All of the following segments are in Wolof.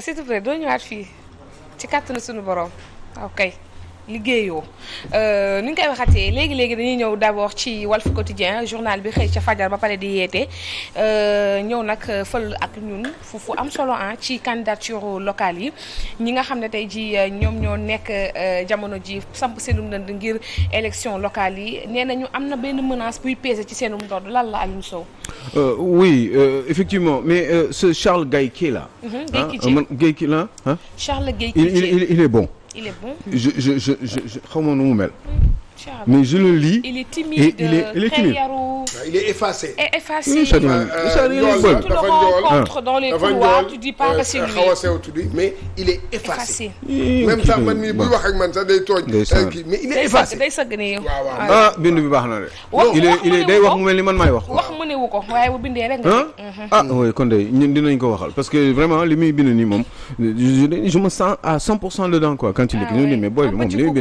s'il te plaît doo ñëwaat fii ci kàttanu suñu borom waaw kay liggéeyoo euh, ni ñu koy waxatee léegi léegi dañuy ñëw d'abord ci Walf Quotidien journal bi xëy ca fajar ba pare di yeete euh, ñëw nag fël ak ñun fu fu am solo ah ci candidature locale yi ñi nga xam ne tey jii euh, ñoom ñoo nekk jamono ji samp seenu ndënd ngir élection locale yi nee nañu am na benn menance buy peser ci seenu ndodd lan la Alioune Sow. oui euh, effectivement mais ce Charles Gaye kii là. Gaye kii la Charles Gaye kii il est bon. il est bon. je je je je xaw ma nu mu mel. mais je le lis. il est timide et il est il est timide. Ah, il est effacé. et effacé. ça euh, rencontre dans les couloirs tu dis pas que euh, c'est lui. xaw a sew tuuti mais il est effacé. même sax man mii buy wax ak man sax day tooñ. Euh, mais il est effacé day sëgg ne yow. ah bind bi baax na de. il est il est day wax mu mel ni man maay wax. wax mu ne wu ko waaye bu bindee rek. Mhm. ah oui kon de ñun dinañ ko waxal parce que vraiment li muy bind nii moom je me sens à 100% dedans quoi quand il ah écrit mais booy bi moom li muy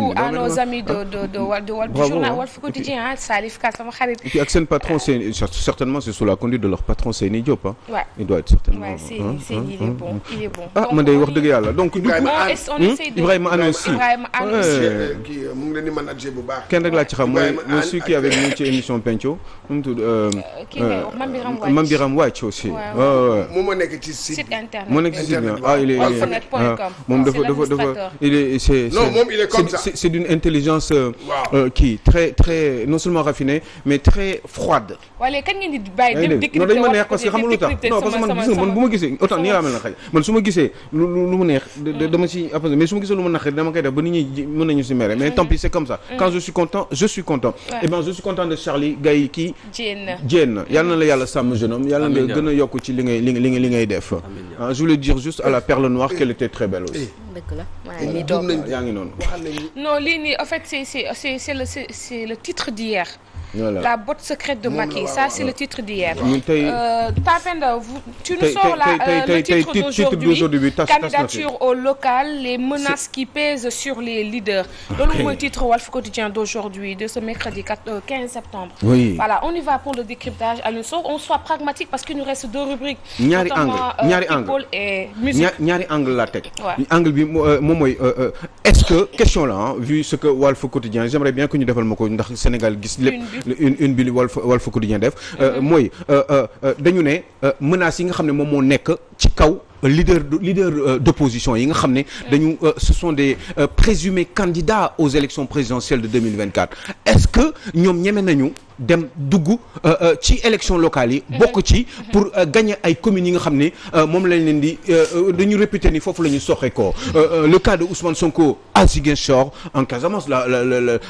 bind. rajo Walf journal Walf Quotidien Salif Ka sama xarit et puis ak seen patron euh, certainement c'est sous la conduite de leur patron Seyni Diop ah ouais. il doit être certainement ouais, c'est, hein, c'est, hein, il est hein, bon il est bon ah man day wax dëgg yàlla donc Ibrahima hmm? Ibrahima Anne aussi Ibrahima Anne kii euh, euh, mu ngi leen di manager bu émission Pencco nu mu tudd Mame Biram Wacc aussi c'est d'une intelligence kii euh, très très non seulement raffinée mais très froide. wala dañ ma neex parce que xam nga parce que man gis nga man bu ma gisee autant nii laa mel na xëy man su ma gisee lu lu ma mm. dama ci après mais su ma gisee lu ma naqari dama koy def ba nit ñi mën nañu ci mere mais tant mm. pis c'est comme ça mm. quand je suis content je suis content et eh je suis content de Charlie Gaye kii Diène yàlla na la yàlla sàmm jeune homme yàlla na la gën yokk ci li ngay def ah, je voulais dire dëgg la maa ngi toog nañ yaa ngi noonu. non lii nii en fait c'est c'est c'est le c'est le titre d'hier la botte secrète de Macky ça c'est le titre d'hier euh, Tapenda tu nous sors là euh, titre d'aujourd'hui candidature au local les menaces qui pèsent sur les leaders ah, loolu mooy titre Walf Quotidien d'aujourd'hui de ce mercredi 15 euh, septembre voilà on y va pour le décryptage Aliou on soit pragmatique parce qu'il nous reste deux rubriques ñaari angle ñaari angle et musique ñaari angle est-ce que question là vu ce que Walf Quotidien j'aimerais bien que ñu defal ma une une bi Walf Walf Quotidien def euh, mooy euh, euh, dañu ne menaces yi nga xam ne moom moo nekk ci kaw leader leader euh, d'opposition yi nga xam ne dañu euh, ce sont des euh, présumés candidats aux élections présidentielles de 2024 est-ce que ñoom ñeme nañu dem dugg ci élections locales yi bokk mhm. ci mhm. pour gagner ay communes yi nga xam ne moom lañ leen di dañu réputé ni foofu la ñu soxe ko mhm. le cas de Ousmane Sonko à Ziguinchor en Casamance la la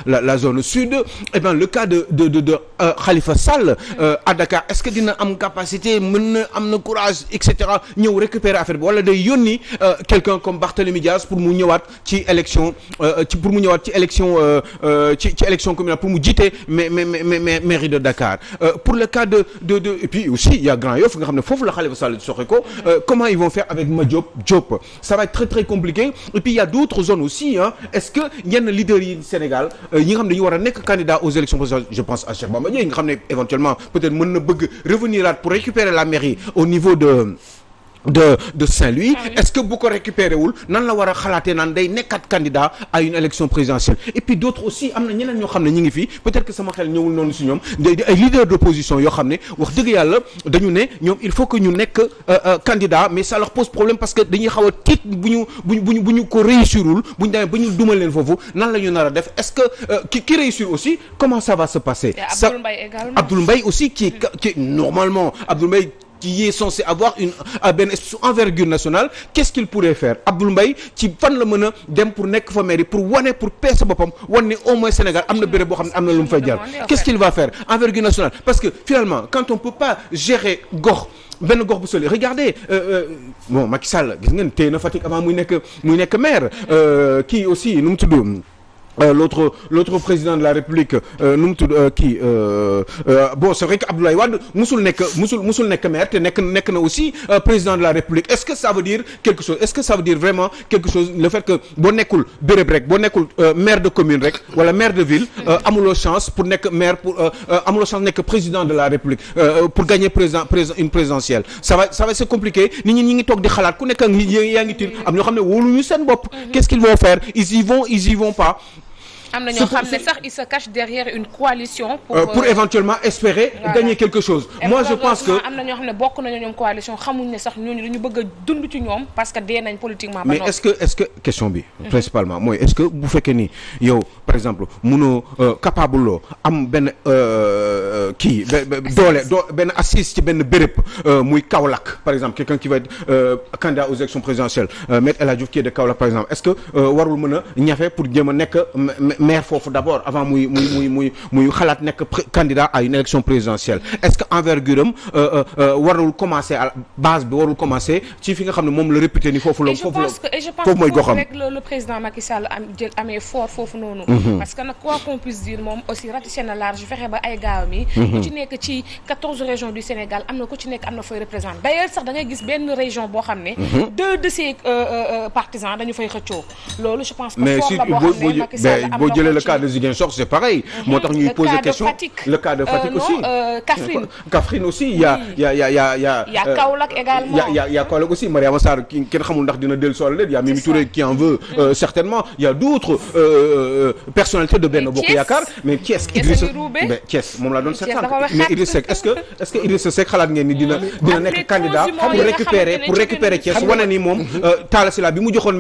la la zone sud et eh bien le cas de de de de Khalifa Sall à Dakar est-ce que dina am capacité mën na am na courage et cetera ñëw affaire bi wala day yónni euh, quelqu'un comme Barthélémy Diaz pour mu ñëwaat ci élection communale pour mu jiite mairie de Dakar euh, pour le cas et puis aussi il y a Grand Yoff nga xam ne foofu la Khalifa Sall di soxe euh, comment ils vont faire avec Madiop Diop ça va être très compliqué et puis il y a d'autres zones aussi est-ce que yenn leaders yi Sénégal yi nga ne dañu war a candidat aux élections présidentielles je pense à Cheikh Bamba nga ne éventuellement peut-être de de Saint-Louis ah est que bu ko récupéré wul nan la war a xalaatee naan day nekkat candidat à une élection présidentielle et puis d'autres aussi am na ñeneen ñoo xam ne ñi ngi fii peut-être que sama xel ñëwul noonu si ñoom day ay leader d'opposition yoo xam ne wax dëgg yàlla dañu ne ñoom il faut que ñu nekk euh, euh, candidat mais sa leur pose problème parce que dañuy xaw a tiit bu ñu buñ ñu bu ñu ko réussirul bu ñu demee ba ñu dumal leen foofu nan la ñu nar a def est-ce que euh, ki ki réussir aussi comment ça va se passer ça Abdoul Mbaye aussi qui mm. qui normalement Abdoul Mbaye qui est censé avoir une à benn envergure nationale qu'est-ce qu'il pourrait faire Abdoul mbay ci fan la mën a dem pour nekk fa pour wane pour peese boppam wan ne au moins Sénégal am na béréb boo xam ne am na lu mu fay jàll qu'est-ce qu'il va faire envergure nationale parce que finalement quand on peut pas gérer gox benn gox bu soli regardez euh, euh, bon Macky Sall gis ngeen téye na Fatick avant muy nekk muy nekk maire euh, kii aussi nu mu tudd Euh, l'autre l'autre président de la république euh, nu mu tudd euh, kii bon c'est vrai que Abdoulaye Wade musul nekk musul musul nekk maire te nekk nekk na aussi président de la république est-ce que ça veut dire quelque chose est-ce que ça veut dire vraiment quelque chose le fait que boo nekkul béréb rek boo nekkul maire de commune rek wala maire de ville amuloo chance pour nekk maire pour amuloo chance nekk président de la république pour gagner président président une présidentielle ça va ça c'est ñi ñi ngi toog di xalaat nekk ak nit yaa ngi tiit xam ne wóoluñu seen bopp mm-hmm. qu'est-ce qu'ils vont am na ñoo xam ne sax ils se cachent derrière une coalition. pour euh, euh, éventuellement espérer. gagner quelque chose. moi je pense que na ñoo xam ne bokk nañu ñoom coalition xamuñ ne sax ñooñu dañu bëgg a ci ñoom parce que dee nañ politiquement. mais est-ce que est-ce que question bi. Mhm. principalement mooy est-ce que bu fekkee ni yow par exemple munoo euh, capable am benn kii doole doo benn assise ci benn béréb muy Kaolack par exemple quelqu'un qui va être aux élections présidentielles maire foofu d'abord avant muy muy muy muy muy xalaat nekk candidat à une élection présidentielle est-ce que envergure euh, euh, euh, warul commencer à base bi warul commencer ci fi nga xam ne moom la réputé ni foofu la foofu la foofu mhm. que nag quoi qu'on puisse dire moom aussi mhm. am na ku ci nekk am na fooy représente d'ailleurs sax da ngay gis benn région mhm. loolu je pense que fort la boo xam ne Macky Sall boo jëlee le cas de c'est pareil. Mm-hmm. moo tax ñuy poser question le cas de euh, aussi. Euh, Kaffrine Kaffrine aussi y' a y' a y' a y' a. Euh, y' a Kaolack également y' a y' a Mimi Touré qui en veut mm-hmm. certainement y' a d' de Benno Bokk Yaakaar mais mais Thiès moom laa doon seetaan mais Idrissa Seck est-ce que est-ce que Idrissa Seck ni dina nekk candidat pour récupérer pour récupérer Thiès wane moom Talla Sylla bi mu joxoon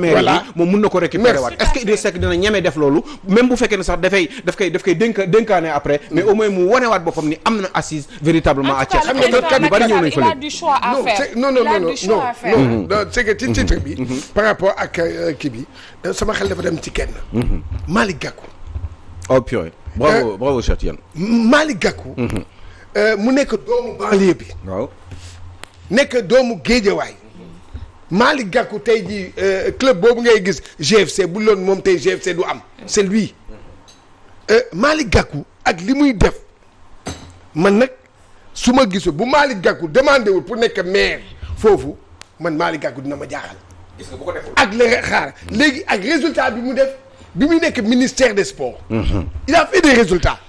même bu fekkee ne sax dafay daf koy daf koy dénka dénkaane après mais au moins mu wanewaat boppam ni am na assise véritablement à Thiès xam nga kat yu bari ñëw nañ fa léegi non non mm-hmm. ci bi mm-hmm. Mm-hmm. par rapport ak euh, kii bi euh, sama xel dafa dem ci kenn mali Gakou oh purée bravo euh, bravo Cheikh Tidiane Malick mu nekk doomu banlieue bi waaw nekk doomu géejawaay Malick Gakou tey jii euh, club boobu ngay gis GFC bu loon moom tey GFC du am c'est lui euh, Malick Gakou ak li muy def man nag su ma gisul bu Malick Gakou demandé wul pour nekk maire foofu man Malick Gakou dina ma jaaxal. gis nga ko ak léegi ak résultat bi mu def. bi muy nekk ministère des sports. Mhm. il a fait des résultats.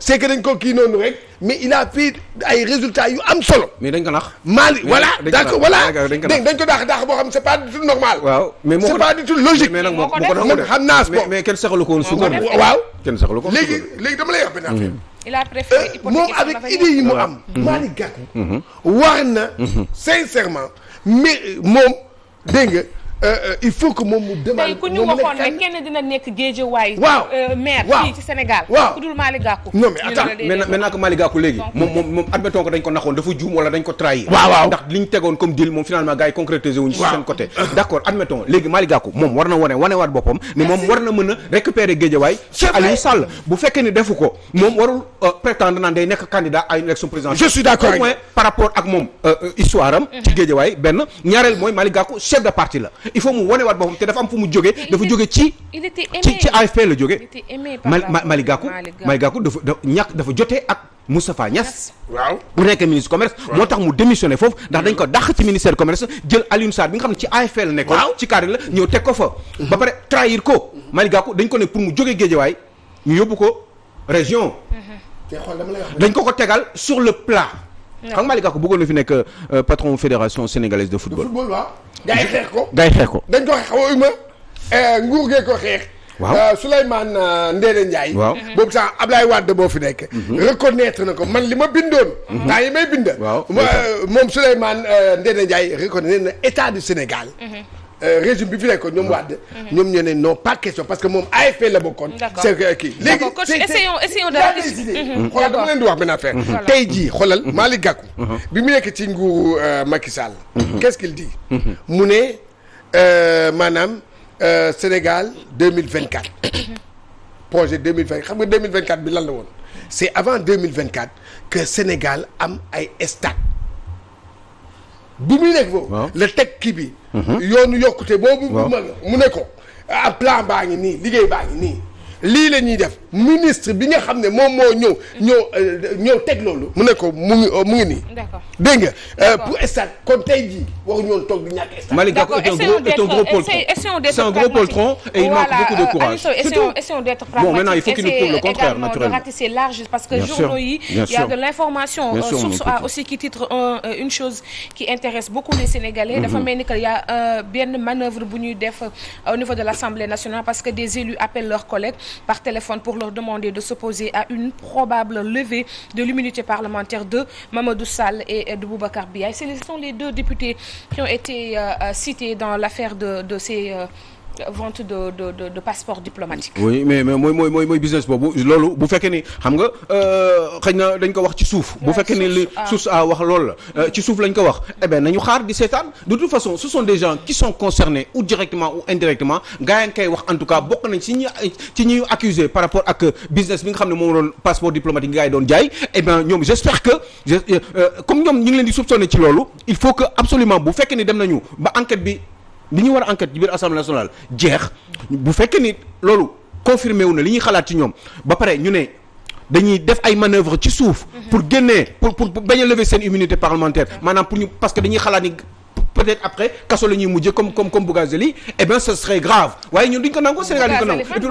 c'est que dañ ko kii noonu rek mais il a fait résultats yu am solo. mais dañ ko nax. Mali voilà dañ ko voilà ko daax daax boo xam c'est pas du tout normal. waaw mais moo ko c'est pas du tout logique. ko def man xam naa sport mais kenn saxalu ko woon su ko waaw kenn saxalu ko mm-hmm. euh, moom avec idée yi mu am. Mm-hmm. Mali Gakou. Mm-hmm. war sincèrement euh, moom dégg Euh, euh, il faut que moom mu demande. ne kenn dina nekk géejewaay. waaw euh, maire fii ci Sénégal. waaw ku dul Malick Gakou. non mais léegi. moom moom moom admettons ko dañ ko naxoon dafa juum wala dañ ko trahir. waaw waaw ndax li ñu tegoon comme deal moom finalement gars yi concrétisé wuñu. waaw si seen côté léegi Malick moom war na wane wanewaat boppam. ne moom war na mën a récupérer géejewaay. c' est Aliou Sall bu fekkee ne defu ko moom warul prétendre naan day nekk candidat d' accord au il faut mu waat boobu te dafa am fu mu jógee dafa jóge ci ci ci AFP la jóge Malick Gakou Malick Gakou dafa ñàkk dafa jotee ak Moustapha Niass waaw mu nekk ministre commerce moo tax mu démissionné foofu ndax dañ ko dàq ci ministère commerce jël Alioune Sarr bi nga xam ne ci AFP la nekkoon ci cadre la ñëw teg ko fa ba pare trahir ko Malick Gakou dañ ko ne pour mu jóge Guédiawaye ñu yóbbu ko région dañ ko ko tegal sur le plat xam nga Malick Gakou bëggoon na fi nekk euh, patron fédération sénégalaise de football. de football waaw. gars yi xeex ko gars yi xeex ko. dañ ko xaw a uma euh, nguur gee ko xeex. waaw euh, Souleymane Ndéné mm-hmm. boobu sax Ablaye Wade boo fi nekk. Mm-hmm. reconnaître na ko man li ma bindoon. Mm-hmm. temps yi may bind. waaw moom Souleymane Ndéné Ndiaye reconnaître na état du Sénégal. Euh, régime bi fi nekkoon ñoom mm-hmm. Wade. Mm-hmm. ñoom ñoo ne non pas question parce que moom AFP la bokkoon. d'accord c'est kii léegi coach essayons essayons mm-hmm. dama leen di wax benn affaire. tey jii xoolal Malick Gakou. bi mu nekk ci nguuru euh, Macky Sall. qu'est-ce mu ne euh, maanaam Sénégal deux mille vingt quatre projet deux mille xam nga deux mille vingt bi lan la woon c'est avant deux mille vingt quatre que Sénégal am ay stade. bi muy nekk foofu. la teg kii bi. Mhm. yoonu yokkute boobu. mu ne ko ah plan baa ngi nii liggéey baa ngi nii lii la ñuy def. ministre bi nga xam ne moom moo ñëw. ñëw euh, ñëw teg loolu. mu ne ko mu ngi euh, mu ngi nii. d'accord dégg euh, poltron c'est un poltron et il manque de courage. surtout d'être pragmatique bon il faut a de l'information. source A aussi qui titre une chose qui intéresse beaucoup les Sénégalais. dafa mhm. mel ni que y a benn manœuvre bu ñuy def au niveau de l'Assemblée nationale parce que des élus appellent leurs collègues par téléphone pour leur demander de s'opposer à une probable levée de l'immunité parlementaire de Mamadou Sall et de Boubacar Biaye. Ce sont les deux députés qui ont été euh, euh cités dans l'affaire de de ces euh, vente de de de, de passeport diplomatique. oui mais mais mooy mooy mooy business boobu loolu bu fekkee ni xam nga euh, xëy na dañ ko wax ci suuf. bu fekkee ni li ah. suuf a ah, wax loolu la. Euh, ci suuf lañ ko wax eh bien nañu xaar di seetaan de toute façon ce sont des gens qui sont concernés ou directement ou indirectement gars yi koy wax en tout cas bokk nañ ci ñi ci ñuy accusé par rapport ak euh, business bi nga xam ne moom doon passeport diplomatique gars yi doon jaay eh ñoom j'espère que comme ñoom ñu ngi leen di soupçonné ci loolu il faut que absolument bu fekkee ni dem nañu ba enquête bi. li ñu war a enquête ci biir assemblée nationale jeex bu fekkee ni loolu confirmé wu na li ñuy xalaat ci ñoom ba pare ñu ne dañuy def ay manœuvres ci suuf. pour génnee pour pour bañ lever seen immunité parlementaire maanaam pour ñu parce que dañuy xalaat ni. peut-être après kaso la ñuy mujjee comme comme comme Bougazelli eh bien serait grave waaye ñun duñ ko nangu Sénégal duñ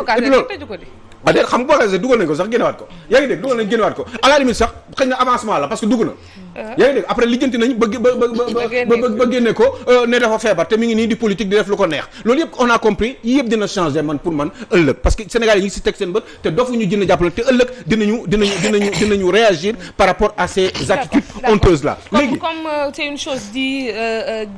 ko ko di. ba déet xam nga boo dugal nañ ko sax génnewaat ko yaa dégg dugal nañ génnewaat ko à la limite sax xëy na avancement la parce que dugg na euh. yaa ngi dégg après lijjanti nañ ba ba ko euh, ne dafa feebar te mi ngi nii di politique di def lu ko neex loolu yëpp on a compris yi yëpp dina changé man pour man ëllëg parce que Sénégal yi ngi si teg seen bët te dofuñu jënd jàppale te ëllëg dinañu dinañu dinañu dinañu réagir par rapport à ces attitudes honteuses là léegi di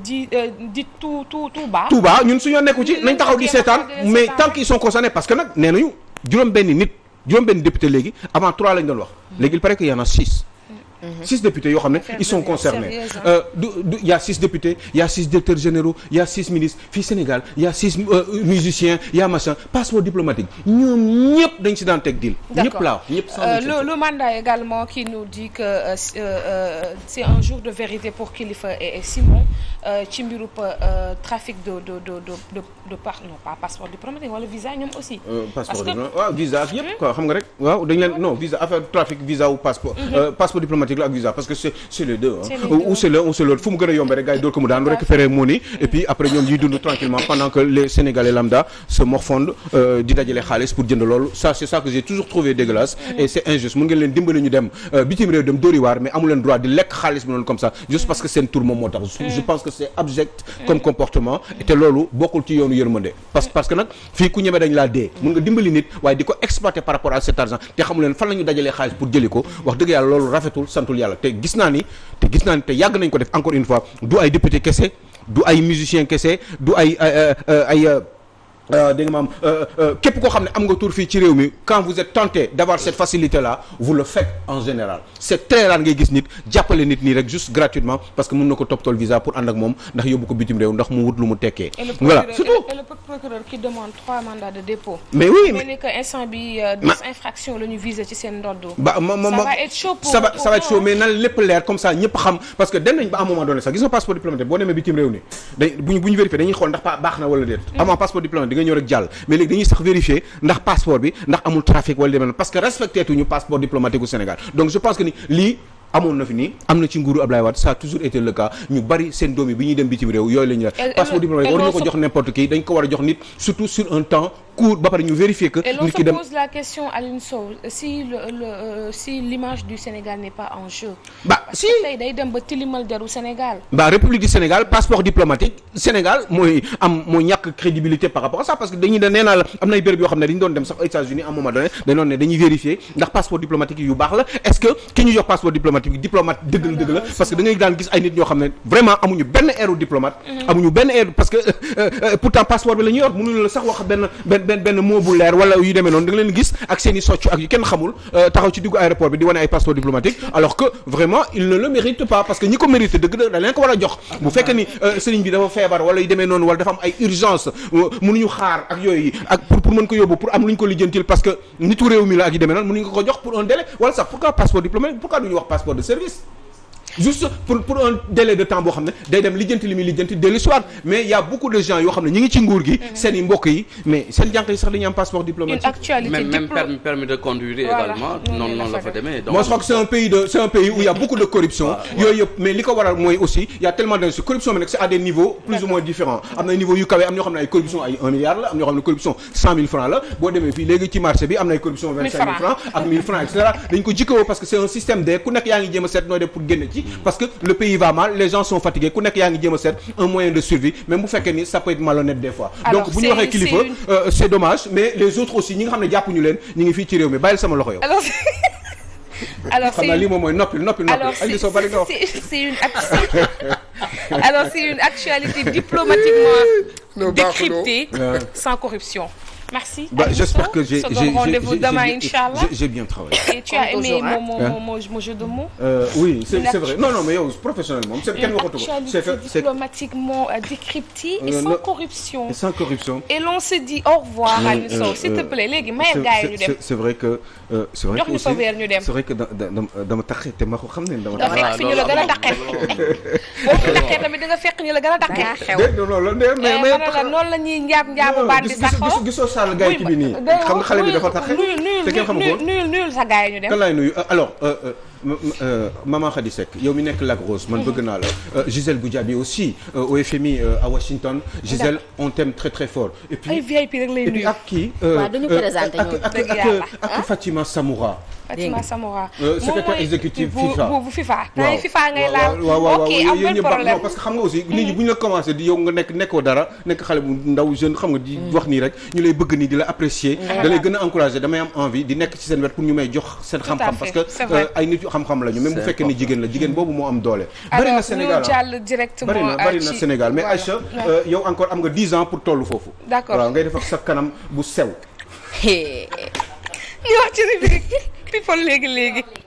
di di tout tout tout bas tout ñun suñoo nekku ci nañ taxaw di seetaan mais tant qu'ils sont parce que nag nee nañu juróom benn nit juróom benn député léegi avant trois lañ doon wax mm-hmm. léegi il que y en a Mhm. six députés yoo xam ne sont concernés euh, du a six députés y a six directeurs généraux y a six ministres fii Sénégal y a six euh, musiciens y a machin passeport diplomatique ñoom ñëpp dañ euh, le mandat également qui nous dit que c'est un jour de vérité pour Kilifeu et Simon ci mbiru trafic de de de de de par non pas passeport diplomatique wala visa ñoom aussi passeport diplomatique affaire trafic visa ou passeport mhm. diplomatique politique parce que c'est c'est les ou c'est l'un ou c'est l'autre fu mu gën a yombee rek gars door ko mu daanu récupérer money et puis après ñoom ñuy dund tranquillement pendant que les Sénégalais lambda se morfondent euh, di dajale xaalis pour jënd loolu c'est ça mun ngeen leen dimbali ñu dem euh, bitim réew dem dóori waar mais amu droit di lekk xaalis bi noonu comme ça juste parce que seen tour moo tax je pense que c'est abject comme comportement te loolu bokkul santul yàlla te gis naa ni te gis naa ni te yàgg nañ ko def encore une fois du ay député kese du ay musicien kese du ay euh, euh, euh, ay. Euh, dégg nga maam euh, euh, képp koo xam ne am nga tur fii ci réew mi quand vous êtes tenté d'avoir cette facilité là vous le faites en général c'est très rare ngay gis nit jàppale nit nii rek juste gratuitement parce que mën na ko toppatool visa pour ànd ak moom ndax yóbbu ko bitim réew ndax mu wut lu mu tekkee surtout mais oui mais ni ba ma ma lépp leer comme ça ñëpp xam parce que dem nañ ba à moment donné sax gis nga passeport diplomatique boo demee bitim réew ni bu ñu di ñëw rek jàll mais léegi dañuy sax vérifier ndax passeport bi ndax amul trafic wala demee parce que respecté tuñu passeport diplomatique u Sénégal donc je pense que ni lii amoon na fi nii am na ci nguuru Abdoulaye Wade ça a toujours été le cas ñu bari seen doom yi bi ñuy dem bitim réew yooyu la ñu passeport diplomatique war ñu ko jox n'importe qui dañ ko war a jox nit surtout sur un temps court ba pare ñu vérifier que. nit se pose la question Alioune euh, si l'image du Sénégal n'est pas en jeu. bah si tey day dem ba tilimal deru Sénégal. bah République du Sénégal passeport diplomatique Sénégal mooy am moo ñàkk crédibilité par rapport à ça parce que dañuy ne nee la am na ay yoo xam ne dañu doon dem sax aux États-Unis à moment donné dañu doon ne dañuy vérifier ndax passeport diplomatique yu baax la est-ce que ki ñu passeport benn benn bu leer wala yu demee noonu da leen gis ak seen i ak yu kenn xamul euh, taxaw ci diggu aéroport bi di wane ay passeport diplomatique alors que vraiment il ne le mérite pas parce que ñi ko mérite dëgg da leen ko war a jox bu fekkee ni euh, sëriñ bi dafa feebar wala yu demee noonu wala dafa am ay urgence euh, mënuñu xaar ak yooyu ak pour pour mën ko yóbbu pour am lu ñu ko lijjantil parce que nitu réew mi la ak yu demee noonu mënuñu ko juste pour un délai de temps boo xam ne day dem lijjanti li muy lijjanti dellu si waat mais il beaucoup de gens yoo xam ne ñu ngi ci nguur gi. Mhm. seen i mbokk yi mais seen jànq yi demee am na niveau xam ne corruption ay 1 milliard la am ñoo xam ne corruption francs la boo demee fii léegi ci marché bi am na ay corruption 25 000 francs ak 1000 francs et cetera dañ ko jikkoo parce que c'est un système de ku nekk yaa ngi jéem a seet nooy def pour génn ci Mm. parce que le pays va mal les gens sont fatigués ku nekk yaa ngi jéem a seet un moyen de survie mais bu fekkee ni ça peut être malhonnête des fois donc euh, c'est dommage mais les autres aussi ñi nga xam ne jàppuñu leen ñi ngi fii ci réew mi bàyyil sama loxo yow alors lii moom mooy noppil noppil noppil c'est une alors c'est une actualité diplomatiquement décryptée sans corruption Merci. Bah, j'espère que j'ai j'ai bien travaillé. Et tu as aimé mon mon mon mon jeu de mots. Euh, oui c'est c'est vrai non non mais yow professionnel moom c'est kenn waxatu ko. c'est diplomatiquement euh, décrypté. et euh, sans corruption. et sans corruption. et l'on se dit au revoir Aliou Sow s'il te plaît léegi mayal gars yi ñu dem. c'est vrai que c'est vrai que aussi c'est vrai que dama taxe te ma ko xam ne dama. taxe ñu la gën a taxe boo fi taxee tamit da nga fekk ñu la gën a taxe. xew dégg nga loolu la mais mais. Eh, noonu la ñuy njaab njaabu baat bi saxoo seetaan gars yi ci bi nii xam nga xale bi dafa tax te kenn xamu ko nuyul sa gars yi ñu dem Euh, Maman Khady Seck yow mi nekk Lac Rose man bëgg naa la euh, Gisèle Goudiaby aussi euh, au FMI à Washington Gisèle on t'aime très très fort et puis ak kii ak exécutif FIFA ngay laal waaw waaw parce que xam nga aussi mm. bu ñu la commencé yow nga nekk nekkoo dara nekk xale bu ndaw jeune xam nga di mm. wax nii rek ñu lay bëgg nii di la apprécier mm. da gën a encourager damay am envie di nekk ci seen wet pour ñu may jox seen xam-xam parce que ay nit xam-xam lañu même bu fekkee ni jigéen la jigéen boobu moo am doole bëri Sénégal bëri na Sénégal mais Aïcha euh, yow encore am nga 10 ans pour tollu foofu waaw ngay def sa kanam bu sew ñu wax ci rubrique people léegi léegi